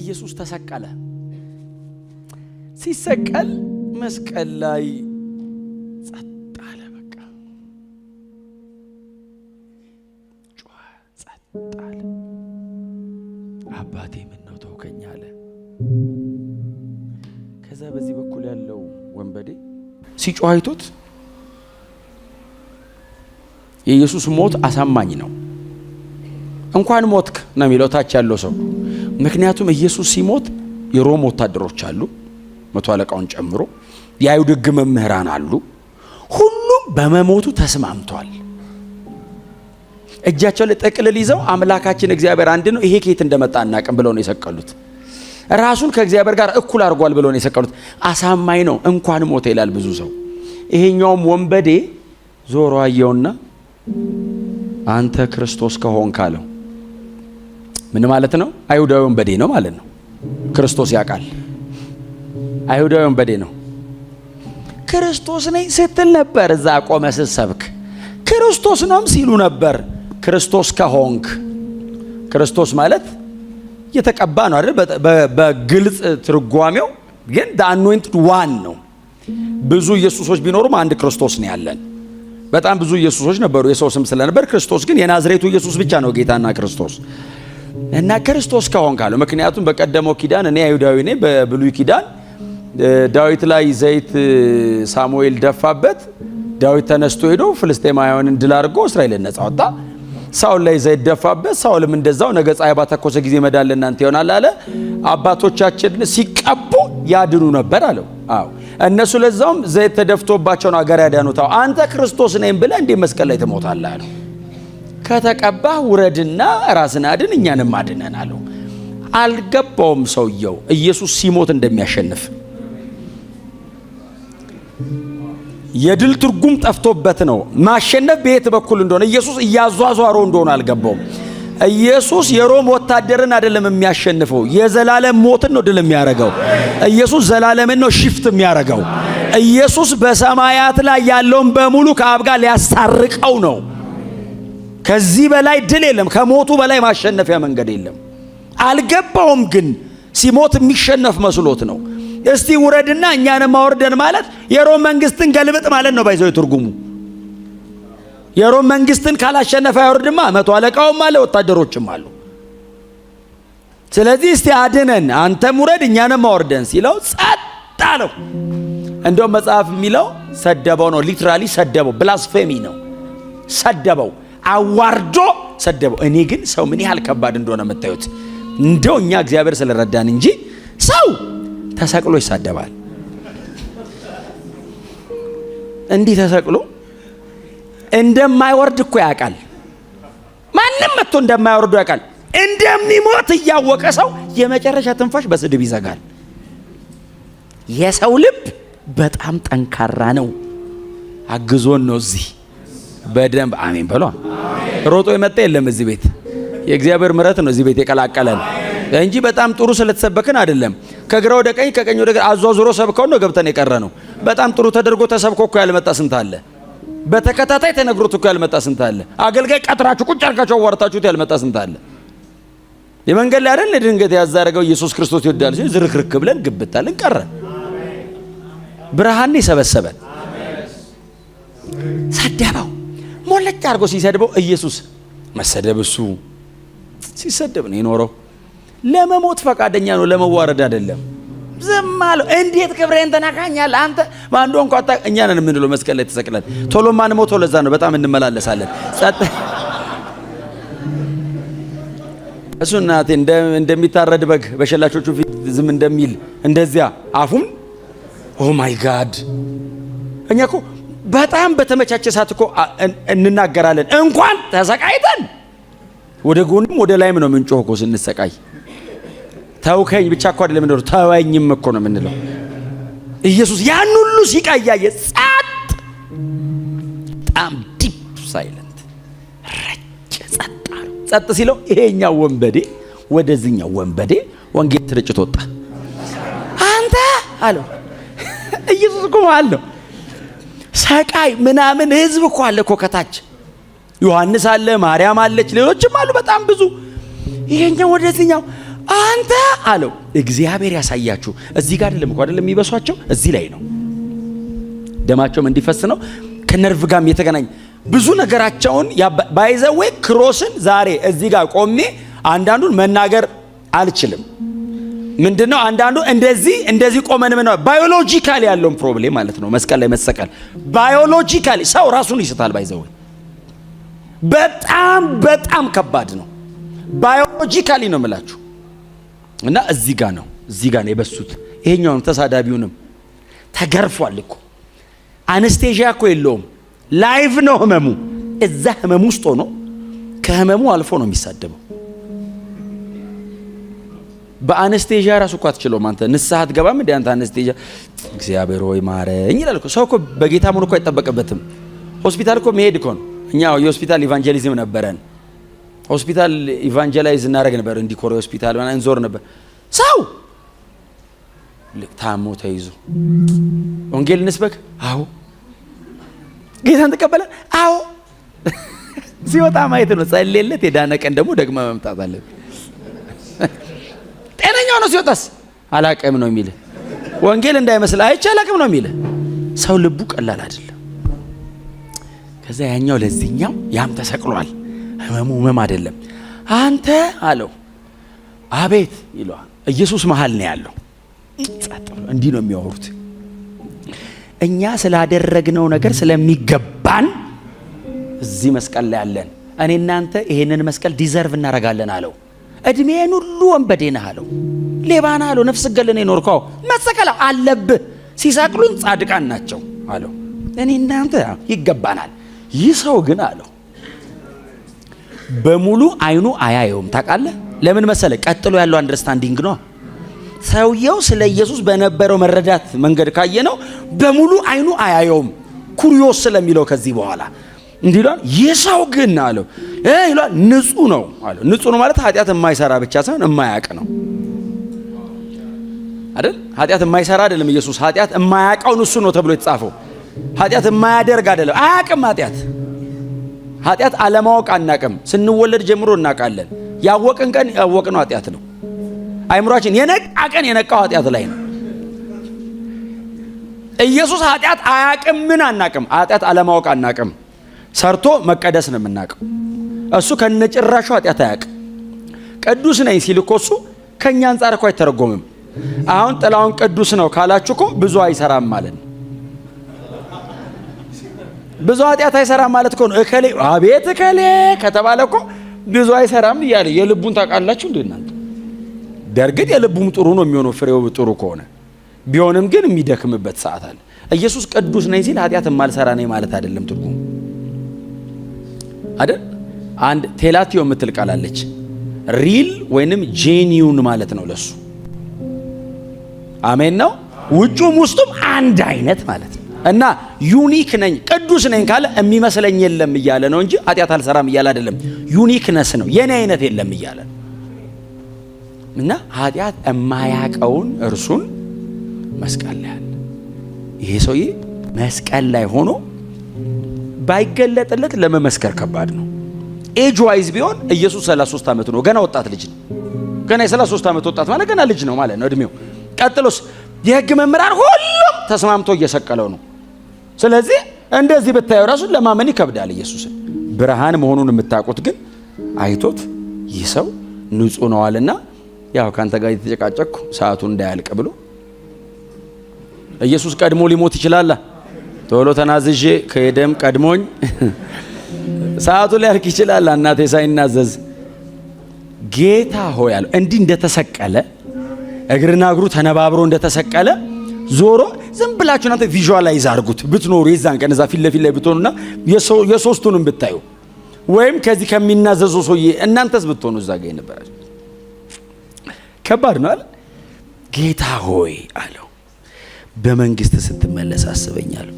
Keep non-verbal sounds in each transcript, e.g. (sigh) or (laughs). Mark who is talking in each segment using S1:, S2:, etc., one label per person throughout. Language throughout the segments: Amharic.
S1: ኢየሱስ ተሰቀለ። ሲሰቀል መስቀል ላይ ጸጥ አለ። በቃ ጮኸ፣ ጸጥ አለ። አባቴ ምነው ተውከኝ አለ። ከዛ በዚህ በኩል ያለው ወንበዴ ሲጮህ አይቶት የኢየሱስ ሞት አሳማኝ ነው። እንኳን ሞትክ ነው የሚለው ታች ያለው ሰው ምክንያቱም ኢየሱስ ሲሞት የሮም ወታደሮች አሉ፣ መቶ አለቃውን ጨምሮ የአይሁድ ሕግ መምህራን አሉ። ሁሉም በመሞቱ ተስማምተዋል። እጃቸው ላይ ጥቅልል ይዘው አምላካችን እግዚአብሔር አንድ ነው፣ ይሄ ከየት እንደመጣ አናቅም ብለው ነው የሰቀሉት። ራሱን ከእግዚአብሔር ጋር እኩል አድርጓል ብለው ነው የሰቀሉት። አሳማኝ ነው። እንኳን ሞተ ይላል ብዙ ሰው። ይሄኛውም ወንበዴ ዞሮ አየውና አንተ ክርስቶስ ከሆንክ አለው። ምን ማለት ነው? አይሁዳዊ ወንበዴ ነው ማለት ነው። ክርስቶስ ያውቃል። አይሁዳዊ ወንበዴ ነው። ክርስቶስ ነኝ ስትል ነበር። እዛ ቆመ ስትሰብክ ክርስቶስ ነውም ሲሉ ነበር። ክርስቶስ ከሆንክ ክርስቶስ ማለት የተቀባ ነው አይደል? በግልጽ ትርጓሜው ግን ዳአኖይንትድ ዋን ነው። ብዙ ኢየሱሶች ቢኖሩም አንድ ክርስቶስ ነው ያለን። በጣም ብዙ ኢየሱሶች ነበሩ፣ የሰው ስም ስለነበር። ክርስቶስ ግን የናዝሬቱ ኢየሱስ ብቻ ነው ጌታና ክርስቶስ። እና ክርስቶስ ከሆንክ አለው። ምክንያቱም በቀደመው ኪዳን እኔ አይሁዳዊ ነኝ። በብሉይ ኪዳን ዳዊት ላይ ዘይት ሳሙኤል ደፋበት። ዳዊት ተነስቶ ሄዶ ፍልስጤማውያንን ድል አድርጎ እስራኤልን ነጻ ወጣ። ሳውል ላይ ዘይት ደፋበት። ሳውልም እንደዛው ነገ ፀሐይ ባተኮሰ ጊዜ መዳን ለእናንተ ይሆናል አለ። አባቶቻችን ሲቀቡ ያድኑ ነበር አለው። አዎ እነሱ ለዛውም ዘይት ተደፍቶባቸው ነው አገር ያዳኑታው። አንተ ክርስቶስ ነኝ ብለህ እንዴ መስቀል ላይ ትሞታለህ አለው። ከተቀባህ ውረድና ራስን አድን እኛንም አድነን አለው። አልገባውም ሰውየው ኢየሱስ ሲሞት እንደሚያሸንፍ የድል ትርጉም ጠፍቶበት ነው። ማሸነፍ በየት በኩል እንደሆነ ኢየሱስ እያዟዟሮ እንደሆነ አልገባውም። ኢየሱስ የሮም ወታደርን አይደለም የሚያሸንፈው፣ የዘላለም ሞትን ነው ድል የሚያረገው። ኢየሱስ ዘላለምን ነው ሽፍት የሚያረገው። ኢየሱስ በሰማያት ላይ ያለውን በሙሉ ከአብ ጋር ሊያስታርቀው ነው። ከዚህ በላይ ድል የለም። ከሞቱ በላይ ማሸነፊያ መንገድ የለም። አልገባውም ግን ሲሞት የሚሸነፍ መስሎት ነው። እስቲ ውረድና እኛንም አወርደን ማለት የሮም መንግስትን ገልብጥ ማለት ነው። ባይዘው ትርጉሙ የሮም መንግስትን ካላሸነፈ አይወርድማ። መቶ አለቃውም አለ፣ ወታደሮችም አሉ። ስለዚህ እስቲ አድነን፣ አንተም ውረድ እኛንም አወርደን ሲለው ጸጥ አለው። እንደውም መጽሐፍ የሚለው ሰደበው ነው። ሊትራሊ ሰደበው፣ ብላስፌሚ ነው ሰደበው። አዋርዶ ሰደበው። እኔ ግን ሰው ምን ያህል ከባድ እንደሆነ የምታዩት እንደው እኛ እግዚአብሔር ስለረዳን እንጂ ሰው ተሰቅሎ ይሳደባል። እንዲህ ተሰቅሎ እንደማይወርድ እኮ ያውቃል። ማንም መጥቶ እንደማይወርዱ ያውቃል። እንደሚሞት እያወቀ ሰው የመጨረሻ ትንፋሽ በስድብ ይዘጋል። የሰው ልብ በጣም ጠንካራ ነው። አግዞን ነው እዚህ በደንብ አሜን በሏ። ሮጦ የመጣ የለም እዚህ ቤት የእግዚአብሔር ምሕረት ነው እዚህ ቤት የቀላቀለን እንጂ በጣም ጥሩ ስለተሰበክን አይደለም። ከግራ ወደ ቀኝ ከቀኝ ወደ ግራ አዟዙሮ ነው ገብተን የቀረ ነው። በጣም ጥሩ ተደርጎ ተሰብኮ እኮ ያልመጣ ስንት አለ። በተከታታይ ተነግሮት እኮ ያልመጣ ስንት አለ። አገልጋይ ቀጥራችሁ ቁጭ አድርጋችሁ አዋርታችሁት ያልመጣ ስንት አለ። የመንገድ ላይ አይደል ድንገት ያዛረገው ኢየሱስ ክርስቶስ ይወዳል ሲል ዝርክርክ ብለን ግብታልን ቀረን። ብርሃን የሰበሰበን ሰደበው ሞለቅ አድርጎ ሲሰድበው ኢየሱስ መሰደብ እሱ ሲሰደብ ነው የኖረው። ለመሞት ፈቃደኛ ነው፣ ለመዋረድ አይደለም። ዝም አለው። እንዴት ክብሬን ተናካኛል? አንተ ማንዶ እንኳ እኛ ነን የምንለው መስቀል ላይ ተሰቅለን ቶሎ ማን ሞቶ ለዛ ነው በጣም እንመላለሳለን። ጸጥ እሱ እናቴ እንደሚታረድ በግ በሸላቾቹ ፊት ዝም እንደሚል እንደዚያ አፉም ኦ ማይ ጋድ እኛ እኮ በጣም በተመቻቸ ሰዓት እኮ እንናገራለን። እንኳን ተሰቃይተን ወደ ጎንም ወደ ላይም ነው የምንጮህ እኮ ስንሰቃይ። ተውከኝ ብቻ እኮ አይደለም እንደው ተወኝም እኮ ነው የምንለው። ኢየሱስ ያን ሁሉ ሲቃይ ያየ ጸጥ፣ በጣም ዲፕ ሳይለንት ረጭ፣ ጸጥ አለው። ጸጥ ሲለው ይሄኛው ወንበዴ ወደዚህኛው ወንበዴ ወንጌል ትርጭት ወጣ። አንተ አለው (laughs) ኢየሱስ እኮ ማለት ነው ሰቃይ ምናምን ህዝብ እኮ አለ እኮ ከታች ዮሐንስ አለ፣ ማርያም አለች፣ ሌሎችም አሉ በጣም ብዙ። ይሄኛው ወደዚህኛው አንተ አለው እግዚአብሔር ያሳያችሁ። እዚህ ጋር አይደለም እኮ አይደለም የሚበሷቸው፣ እዚህ ላይ ነው ደማቸውም እንዲፈስ ነው። ከነርቭ ጋርም የተገናኘ ብዙ ነገራቸውን ባይዘዌ ክሮስን ዛሬ እዚህ ጋር ቆሜ አንዳንዱን መናገር አልችልም። ምንድነው አንዳንዱ እንደዚህ እንደዚህ ቆመን ምን ባዮሎጂካል ያለውን ፕሮብሌም ማለት ነው። መስቀል ላይ መሰቀል ባዮሎጂካል ሰው ራሱን ይስታል። ባይዘው በጣም በጣም ከባድ ነው። ባዮሎጂካሊ ነው የምላችሁ። እና እዚህ ጋ ነው እዚህ ጋ ነው የበሱት። ይሄኛውንም ተሳዳቢውንም ተገርፏል እኮ አነስቴዥያ እኮ የለውም። ላይቭ ነው ህመሙ። እዛ ህመሙ ውስጥ ሆኖ ከህመሙ አልፎ ነው የሚሳደበው። በአነስቴዣ ራሱ እኮ አትችለውም። አንተ ንስሐ አትገባም እንዴ? አንተ አነስቴዣ እግዚአብሔር ሆይ ማረኝ ይላል እኮ ሰው። እኮ በጌታ መሆን እኮ አይጠበቅበትም። ሆስፒታል እኮ መሄድ እኮ ነው። እኛ የሆስፒታል ኢቫንጀሊዝም ነበረን። ሆስፒታል ኢቫንጀላይዝ እናደረግ ነበር። እንዲኮር ሆስፒታል እንዞር ነበር። ሰው ታሞ ተይዞ ወንጌል እንስበክ። አዎ ጌታን ተቀበለ። አዎ (laughs) ሲወጣ ማየት ነው። ጸሌለት የዳነ ቀን ደግሞ ደግመ መምጣት አለብህ። ጤነኛ ነው ሲወጣስ አላቅም ነው የሚል ወንጌል እንዳይመስል አይቼ አላቅም ነው የሚል ሰው ልቡ ቀላል አይደለም። ከዛ ያኛው ለዚህኛው ያም ተሰቅሏል። ህመሙ ህመም አይደለም። አንተ አለው አቤት ይለዋል። ኢየሱስ መሀል ነው ያለው። እንዲህ ነው የሚያወሩት። እኛ ስላደረግነው ነገር ስለሚገባን እዚህ መስቀል ላይ አለን። እኔ እናንተ ይሄንን መስቀል ዲዘርቭ እናደርጋለን አለው። እድሜን ሁሉ ወንበዴ ነህ አለው፣ ሌባ ነህ አለው፣ ነፍስ ገለን የኖርከው መሰቀል አለብህ። ሲሰቅሉን ጻድቃን ናቸው አለው። እኔ እናንተ ይገባናል። ይህ ሰው ግን አለው በሙሉ አይኑ አያየውም። ታውቃለህ ለምን መሰለ? ቀጥሎ ያለው አንደርስታንዲንግ ነው። ሰውየው ስለ ኢየሱስ በነበረው መረዳት መንገድ ካየ ነው በሙሉ አይኑ አያየውም ኩሪዮስ ስለሚለው ከዚህ በኋላ እንዲህ ይሏል። ይህ ሰው ግን አለው ይሏል ንጹህ ነው አለ። ንጹህ ነው ማለት ኃጢአት የማይሰራ ብቻ ሳይሆን የማያቅ ነው አይደል? ኃጢአት የማይሰራ አይደለም ኢየሱስ። ኃጢአት የማያቀውን እሱ ነው ተብሎ የተጻፈው። ኃጢአት የማያደርግ አይደለም፣ አያቅም። ኃጢአት ኃጢአት አለማወቅ አናቅም። ስንወለድ ጀምሮ እናቃለን። ያወቅን ቀን ያወቅነው ኃጢአት ነው። አይምሯችን የነቃ ቀን የነቃው ኃጢአት ላይ ነው። ኢየሱስ ኃጢአት ምን አናቅም። ኃጢአት አለማወቅ አናቅም። ሰርቶ መቀደስ ነው የምናውቀው። እሱ ከነጭራሹ ኃጢአት አያውቅ። ቅዱስ ነኝ ሲል እኮ እሱ ከእኛ አንጻር እኮ አይተረጎምም። አሁን ጥላውን ቅዱስ ነው ካላችሁ እኮ ብዙ አይሰራም ማለት ነው። ብዙ ኃጢአት አይሰራም ማለት እኮ ነው። እከሌ አቤት እከሌ ከተባለ እኮ ብዙ አይሰራም እያለ የልቡን ታውቃላችሁ እንዴ እናንተ። ደርግጥ የልቡም ጥሩ ነው የሚሆነው ፍሬው ጥሩ ከሆነ ቢሆንም ግን የሚደክምበት ሰዓት አለ። ኢየሱስ ቅዱስ ነኝ ሲል ኃጢአት የማልሰራ ነኝ ማለት አይደለም ትርጉሙ አይደል? አንድ ቴላቲዮ የምትል ቃል አለች። ሪል ወይንም ጄኒዩን ማለት ነው ለሱ። አሜን ነው። ውጩም ውስጡም አንድ አይነት ማለት ነው። እና ዩኒክ ነኝ ቅዱስ ነኝ ካለ የሚመስለኝ የለም እያለ ነው እንጂ ኃጢአት አልሰራም እያለ አይደለም። ዩኒክነስ ነው የኔ አይነት የለም እያለ ነው። እና ኃጢአት የማያቀውን እርሱን መስቀል ላይ አለ። ይሄ ሰውዬ መስቀል ላይ ሆኖ ባይገለጥለት ለመመስከር ከባድ ነው። ኤጅ ዋይዝ ቢሆን ኢየሱስ 33 ዓመቱ ነው። ገና ወጣት ልጅ ነው። ገና የ33 ዓመት ወጣት ማለት ገና ልጅ ነው ማለት ነው እድሜው። ቀጥሎስ የህግ መምህራን ሁሉም ተስማምቶ እየሰቀለው ነው። ስለዚህ እንደዚህ ብታየው ራሱ ለማመን ይከብዳል ኢየሱስን። ብርሃን መሆኑን የምታውቁት ግን አይቶት ይህ ሰው ንጹሕ ነዋልና ያው ካንተ ጋር የተጨቃጨቅኩ ሰዓቱ እንዳያልቅ ብሎ ኢየሱስ ቀድሞ ሊሞት ይችላል። ቶሎ ተናዝዤ ከሄደም ቀድሞኝ ሰዓቱ ሊያርቅ ይችላል። እናቴ ሳይናዘዝ ጌታ ሆይ አለው። እንዲህ እንደተሰቀለ እግርና እግሩ ተነባብሮ እንደተሰቀለ ዞሮ ዝም ብላችሁ እናንተ ቪዥዋላይዝ አርጉት ብትኖሩ የዛን ቀን እዛ ፊት ለፊት ላይ ብትሆኑና የሶስቱንም ብታዩ ወይም ከዚህ ከሚናዘዘው ሰውዬ እናንተስ ብትሆኑ እዛ ጋ የነበራችሁ ከባድ ነው አለ። ጌታ ሆይ አለው በመንግስት ስትመለስ አስበኛለሁ።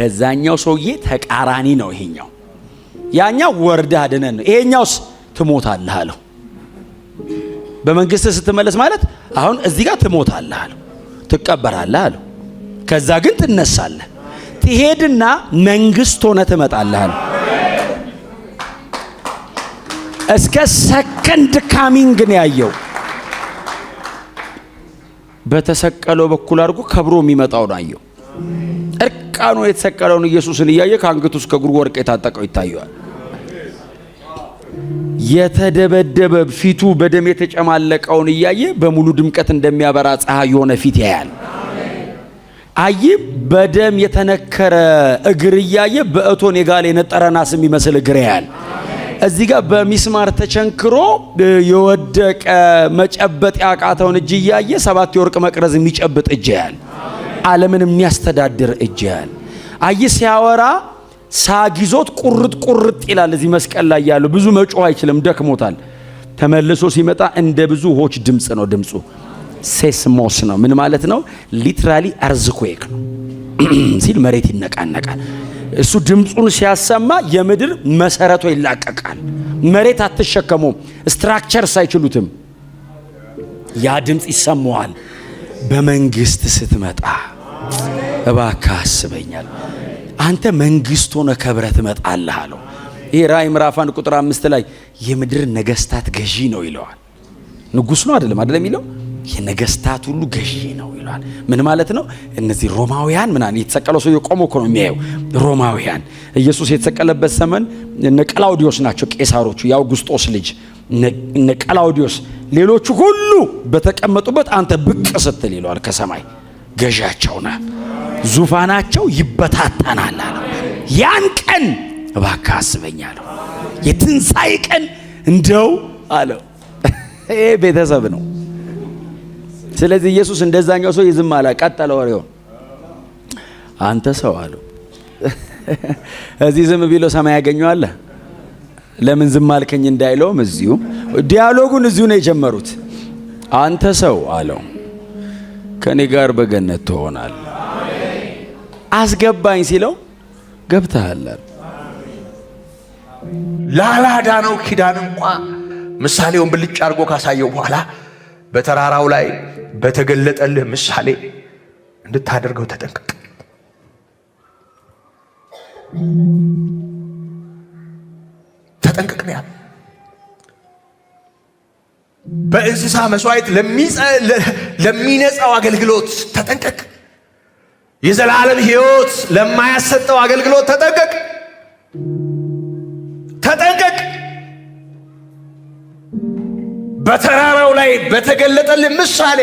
S1: ከዛኛው ሰውዬ ተቃራኒ ነው ይሄኛው። ያኛው ወርድ አድነን ነው፣ ይሄኛውስ ትሞታለህ አለው። በመንግስት ስትመለስ ማለት አሁን እዚህ ጋር ትሞታለህ አለው፣ ትቀበራለህ አለው። ከዛ ግን ትነሳለህ፣ ትሄድና መንግስት ሆነ ትመጣለህ አለው። እስከ ሰከንድ ካሚንግ ነው ያየው። በተሰቀለው በኩል አድርጎ ከብሮ የሚመጣው ነው አየው። እርቃኑ የተሰቀለውን ኢየሱስን እያየ ከአንገቱ እስከ እግሩ ወርቅ የታጠቀው ይታየዋል። የተደበደበ ፊቱ በደም የተጨማለቀውን እያየ በሙሉ ድምቀት እንደሚያበራ ፀሐይ የሆነ ፊት ያያል። አይ በደም የተነከረ እግር እያየ በእቶን የጋለ የነጠረ ናስ የሚመስል እግር ያያል። እዚህ ጋር በሚስማር ተቸንክሮ የወደቀ መጨበጥ ያቃተውን እጅ እያየ ሰባት የወርቅ መቅረዝ የሚጨብጥ እጅ ያያል። ዓለምን የሚያስተዳድር እጅ ያል አይ ሲያወራ ሳጊዞት ቁርጥ ቁርጥ ይላል። እዚህ መስቀል ላይ ያለው ብዙ መጮህ አይችልም፣ ደክሞታል። ተመልሶ ሲመጣ እንደ ብዙ ውኆች ድምፅ ነው። ድምፁ ሴስሞስ ነው። ምን ማለት ነው? ሊትራሊ አርዝኩዌክ ነው (clears throat) ሲል መሬት ይነቃነቃል። እሱ ድምፁን ሲያሰማ የምድር መሰረቱ ይላቀቃል። መሬት አትሸከመውም፣ ስትራክቸርስ አይችሉትም። ያ ድምፅ ይሰማዋል። በመንግስት ስትመጣ እባካ አስበኛል። አንተ መንግስት ሆነ ከብረት እመጣልህ አለው። ይህ ራእይ ምዕራፍ አንድ ቁጥር አምስት ላይ የምድር ነገስታት ገዢ ነው ይለዋል። ንጉስ ነው አይደለም አይደለም የሚለው የነገስታት ሁሉ ገዢ ነው ይለዋል። ምን ማለት ነው? እነዚህ ሮማውያን ምናምን የተሰቀለው ሰው የቆመ እኮ ነው የሚያየው። ሮማውያን ኢየሱስ የተሰቀለበት ዘመን እነ ቀላውዲዮስ ናቸው ቄሳሮቹ፣ የአውግስጦስ ልጅ እነ ቀላውዲዮስ ሌሎቹ ሁሉ በተቀመጡበት አንተ ብቅ ስትል ይለዋል ከሰማይ ገዣቸው ነህ፣ ዙፋናቸው ይበታተናል አለ። ያን ቀን እባክህ አስበኝ አለው። የትንሣኤ ቀን እንደው አለው። (laughs) ይሄ ቤተሰብ ነው። ስለዚህ ኢየሱስ እንደዛኛው ሰው ይዝም አላ ቀጠለ ወሬውን። አንተ ሰው አለው (laughs) እዚህ ዝም ቢሎ ሰማይ ያገኘዋለህ። ለምን ዝም አልከኝ እንዳይለውም እዚሁ ዲያሎጉን እዚሁ ነው የጀመሩት። አንተ ሰው አለው ከእኔ ጋር በገነት ትሆናል። አስገባኝ ሲለው ገብተሃል። ላላዳነው ኪዳን እንኳ ምሳሌውን ብልጭ አድርጎ ካሳየው በኋላ በተራራው ላይ በተገለጠልህ ምሳሌ እንድታደርገው ተጠንቀቅ። ተጠንቀቅ ነው ያለ። በእንስሳ መስዋዕት ለሚነጻው አገልግሎት ተጠንቀቅ። የዘላለም ሕይወት ለማያሰጠው አገልግሎት ተጠንቀቅ፣ ተጠንቀቅ። በተራራው ላይ በተገለጠልን ምሳሌ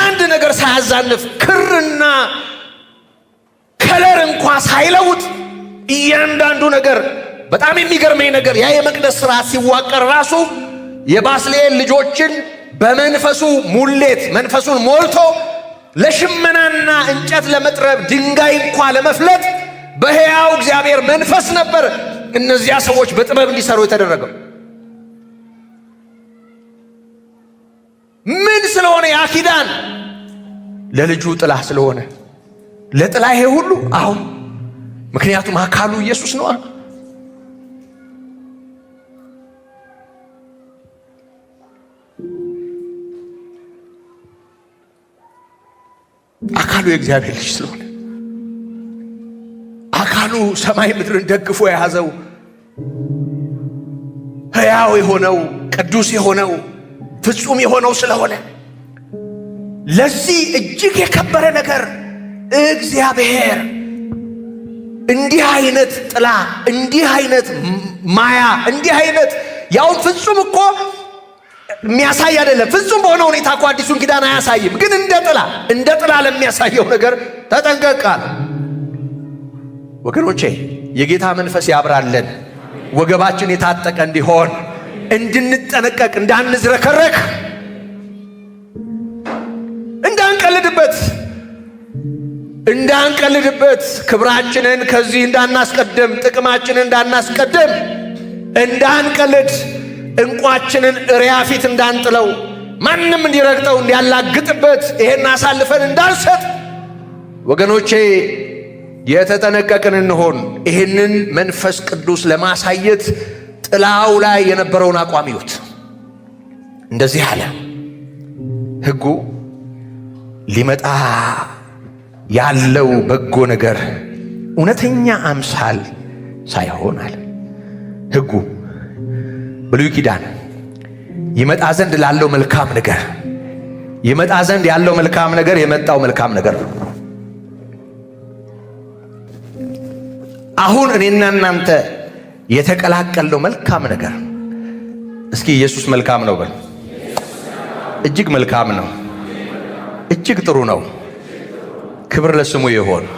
S1: አንድ ነገር ሳያዛንፍ ክርና ከለር እንኳ ሳይለውጥ እያንዳንዱ ነገር በጣም የሚገርመኝ ነገር ያ የመቅደስ ስርዓት ሲዋቀር ራሱ የባስልኤል ልጆችን በመንፈሱ ሙሌት መንፈሱን ሞልቶ ለሽመናና እንጨት ለመጥረብ ድንጋይ እንኳ ለመፍለጥ በሕያው እግዚአብሔር መንፈስ ነበር እነዚያ ሰዎች በጥበብ እንዲሰሩ የተደረገው። ምን ስለሆነ ያ ኪዳን ለልጁ ጥላ ስለሆነ ለጥላ ይሄ ሁሉ አሁን ምክንያቱም አካሉ ኢየሱስ ነው። አካሉ የእግዚአብሔር ልጅ ስለሆነ አካሉ ሰማይ ምድርን ደግፎ የያዘው ሕያው የሆነው ቅዱስ የሆነው ፍጹም የሆነው ስለሆነ ለዚህ እጅግ የከበረ ነገር እግዚአብሔር እንዲህ አይነት ጥላ፣ እንዲህ አይነት ማያ፣ እንዲህ አይነት ያው ፍጹም እኮ የሚያሳይ አይደለም። ፍጹም በሆነ ሁኔታ እኮ አዲሱን ኪዳን አያሳይም። ግን እንደ ጥላ እንደ ጥላ ለሚያሳየው ነገር ተጠንቀቃል። ወገኖቼ የጌታ መንፈስ ያብራለን። ወገባችን የታጠቀ እንዲሆን እንድንጠነቀቅ፣ እንዳንዝረከረክ፣ እንዳንቀልድበት እንዳንቀልድበት ክብራችንን ከዚህ እንዳናስቀድም፣ ጥቅማችንን እንዳናስቀድም፣ እንዳንቀልድ እንቋችንን እሪያ ፊት እንዳንጥለው ማንም እንዲረግጠው እንዲያላግጥበት ይሄን አሳልፈን እንዳንሰጥ ወገኖቼ የተጠነቀቅን እንሆን። ይህንን መንፈስ ቅዱስ ለማሳየት ጥላው ላይ የነበረውን አቋም ይዩት። እንደዚህ አለ። ሕጉ ሊመጣ ያለው በጎ ነገር እውነተኛ አምሳል ሳይሆን አለ ሕጉ ብሉይ ኪዳን ይመጣ ዘንድ ላለው መልካም ነገር ይመጣ ዘንድ ያለው መልካም ነገር የመጣው መልካም ነገር ነው። አሁን እኔና እናንተ የተቀላቀለው መልካም ነገር እስኪ ኢየሱስ መልካም ነው በል። እጅግ መልካም ነው። እጅግ ጥሩ ነው። ክብር ለስሙ ይሆን።